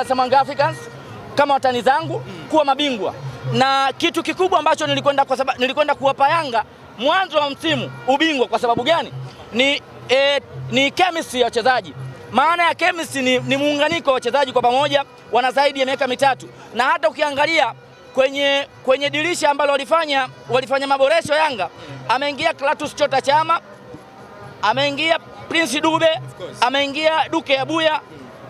uh, Sumang Africans kama watani zangu kuwa mabingwa, na kitu kikubwa ambacho nilikwenda kwa sababu nilikwenda kuwapa Yanga mwanzo wa msimu ubingwa. Kwa sababu gani? Ni, e, ni chemistry ya wachezaji. Maana ya chemistry ni, ni muunganiko wa wachezaji kwa pamoja, wana zaidi ya miaka mitatu, na hata ukiangalia kwenye, kwenye dirisha ambalo walifanya, walifanya maboresho Yanga, ameingia Klatus Chota Chama, ameingia Prince Dube, ameingia Duke Abuya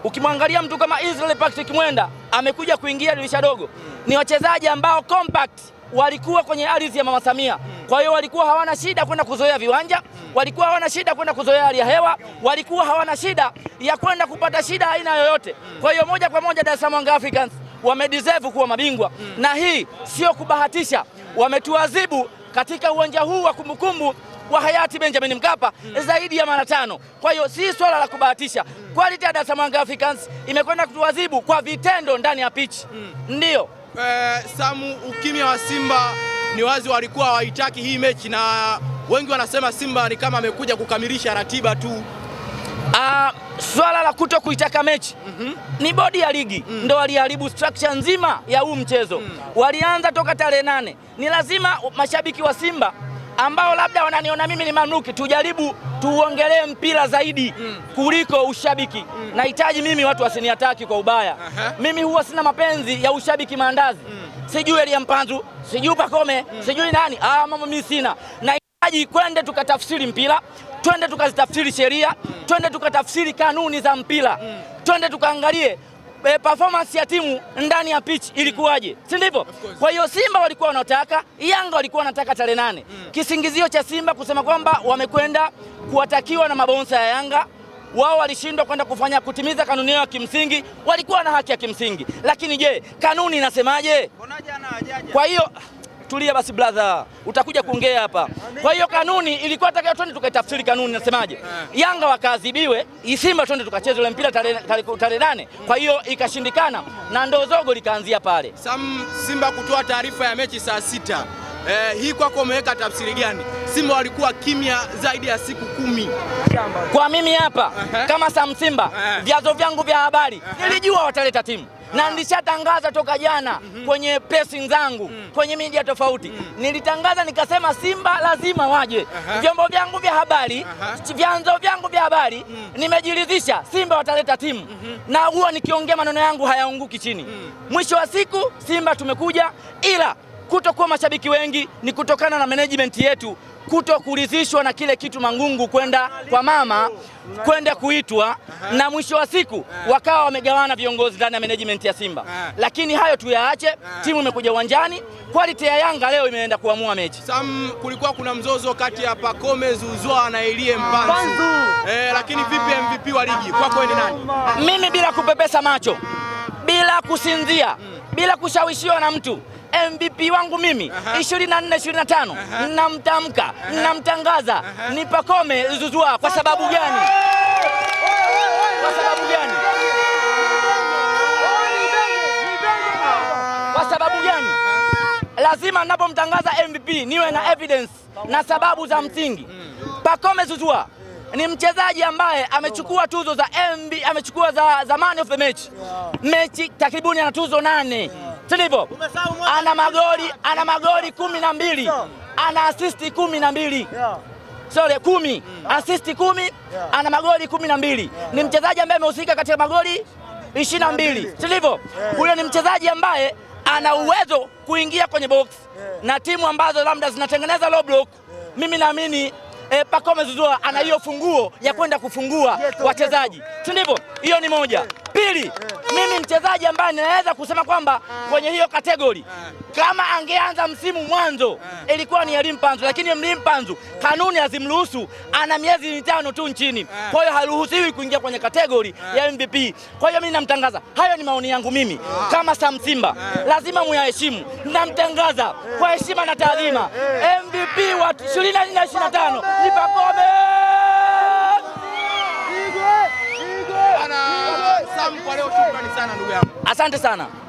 Ukimwangalia mtu kama Israel Patrick Mwenda amekuja kuingia dirisha dogo, ni wachezaji ambao compact walikuwa kwenye ardhi ya Mama Samia. Kwa hiyo walikuwa hawana shida kwenda kuzoea viwanja, walikuwa hawana shida kwenda kuzoea hali ya hewa, walikuwa hawana shida ya kwenda kupata shida aina yoyote. Kwa hiyo moja kwa moja Dar es Salaam Africans wamedeserve kuwa mabingwa, na hii sio kubahatisha, wametuadhibu katika uwanja huu wa kumbukumbu wa hayati Benjamin Mkapa mm. zaidi ya mara tano. Kwa hiyo si swala la kubahatisha mm. quality ya Dar es Salaam Africans imekwenda kutuadhibu kwa vitendo ndani ya pitch mm. eh, Samu, ukimya wa Simba ni wazi walikuwa hawaitaki hii mechi, na wengi wanasema Simba ni kama amekuja kukamilisha ratiba tu. Uh, swala la kuto kuitaka mechi mm -hmm. ni bodi ya ligi mm. ndo waliharibu structure nzima ya huu mchezo mm. walianza toka tarehe nane. Ni lazima mashabiki wa Simba ambao labda wananiona mimi ni mamluki, tujaribu tuongelee mpira zaidi mm. kuliko ushabiki mm. nahitaji mimi watu wasiniataki kwa ubaya uh -huh. mimi huwa sina mapenzi ya ushabiki maandazi mm. sijui Elia Mpanzu sijui Pakome mm. sijui nani ah, mambo mimi sina nahitaji kwende tukatafsiri mpira, twende tukazitafsiri sheria, twende tukatafsiri kanuni za mpira, twende tukaangalie e, performance ya timu ndani ya pitch ilikuwaje, si ndivyo? Kwa hiyo Simba walikuwa wanataka, Yanga walikuwa wanataka tarehe nane. Mm. Kisingizio cha Simba kusema kwamba wamekwenda kuwatakiwa na mabonsa ya Yanga wao walishindwa kwenda kufanya kutimiza kanuni yao ya kimsingi, walikuwa na haki ya kimsingi, lakini je, kanuni inasemaje? Kwa hiyo tulia basi brother, utakuja kuongea hapa. Kwa hiyo kanuni ilikuwa taka twende tukaitafsiri kanuni, nasemaje? Eh. Yanga wakaadhibiwe, Simba twende tukacheze ule mpira tarehe nane. Mm. Kwa hiyo ikashindikana na ndo zogo likaanzia pale. Sam Simba kutoa taarifa ya mechi saa sita. Eh, hii kwako umeweka tafsiri gani? Simba walikuwa kimya zaidi ya siku kumi. Kwa mimi hapa uh -huh. kama Sam Simba uh -huh. Eh. vyazo vyangu vya habari uh -huh. nilijua wataleta timu na nilishatangaza toka jana mm -hmm. kwenye pressing zangu mm -hmm. kwenye media tofauti mm -hmm. nilitangaza nikasema Simba lazima waje. Vyombo vyangu vya habari, vyanzo vyangu vya habari mm -hmm. nimejiridhisha Simba wataleta timu mm -hmm. na huwa nikiongea maneno yangu hayaunguki chini mm -hmm. mwisho wa siku Simba tumekuja ila kutokuwa mashabiki wengi ni kutokana na management yetu kuto kuridhishwa na kile kitu Mangungu kwenda kwa mama kwenda kuitwa na mwisho wa siku wakawa wamegawana viongozi ndani ya management ya Simba. Lakini hayo tuyaache, timu imekuja uwanjani, quality ya Yanga leo imeenda kuamua mechi. Sam, kulikuwa kuna mzozo kati ya Pacome Zouzoua na Elie Mpanzu. Eh, lakini vipi MVP wa ligi kwako ni nani? Mimi bila kupepesa macho bila kusinzia hmm bila kushawishiwa na mtu. MVP wangu mimi 24 25 namtamka, namtangaza, ni Pacome Zouzoua. Kwa sababu gani? Kwa sababu gani? Kwa sababu gani? Lazima ninapomtangaza MVP niwe na evidence na sababu za msingi. Mm. Pacome Zouzoua ni mchezaji ambaye amechukua tuzo za MB, amechukua za, za man of the match yeah. mechi takribuni ana tuzo nane yeah. Silivo, ana magoli ana magoli kumi na mbili ana asisti kumi na mbili yeah. Sorry, kumi mm. asisti kumi yeah. ana magoli kumi na mbili yeah. Ni mchezaji ambaye amehusika katika magoli ishirini na mbili silivo, eh. huyo Ni mchezaji ambaye ana uwezo kuingia kwenye box yeah. Na timu ambazo labda zinatengeneza low block yeah. Mimi naamini e, Pacome Zouzoua ana hiyo funguo ya kwenda kufungua wachezaji, si ndivyo? Hiyo ni moja. Pili, mimi mchezaji ambaye ninaweza kusema kwamba kwenye hiyo kategori kama angeanza msimu mwanzo ilikuwa ni Elie Mpanzu, lakini Elie Mpanzu kanuni hazimruhusu, ana miezi mitano tu nchini, kwa hiyo haruhusiwi kuingia kwenye kategori ya MVP. Kwa hiyo mimi namtangaza. Hayo ni maoni yangu mimi kama Sam Simba, lazima muyaheshimu. Namtangaza kwa heshima na taadhima MVP wa 2024 2025 ni Pacome. Asante sana.